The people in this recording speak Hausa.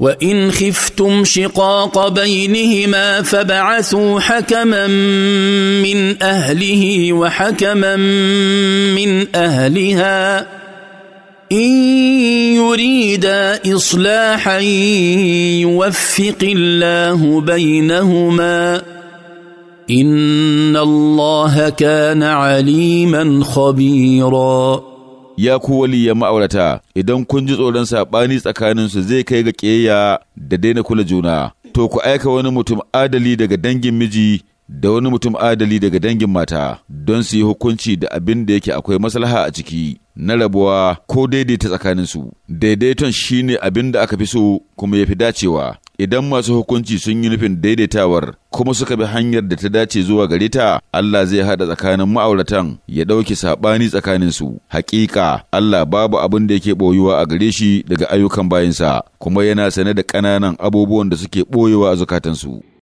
وان خفتم شقاق بينهما فبعثوا حكما من اهله وحكما من اهلها ان يريدا اصلاحا يوفق الله بينهما ان الله كان عليما خبيرا ya ku ya ma'aurata idan kun ji tsoron saɓani tsakanin su zai kai ga ƙeya da daina kula juna to ku aika wani mutum adali daga dangin miji da wani mutum adali daga dangin mata don su yi hukunci da abin da yake akwai maslaha a ciki na rabuwa ko daidaita tsakanin su. daidaiton shine abin da aka fi so kuma ya fi dacewa idan masu hukunci sun yi nufin daidaitawar kuma suka bi hanyar da ta dace zuwa gare ta Allah zai haɗa tsakanin ma'auratan ya ɗauke saɓani tsakanin su hakika Allah babu abin da yake ɓoyuwa a gare shi daga ayyukan bayansa kuma yana sane da ƙananan abubuwan da suke ɓoyewa a zukatansu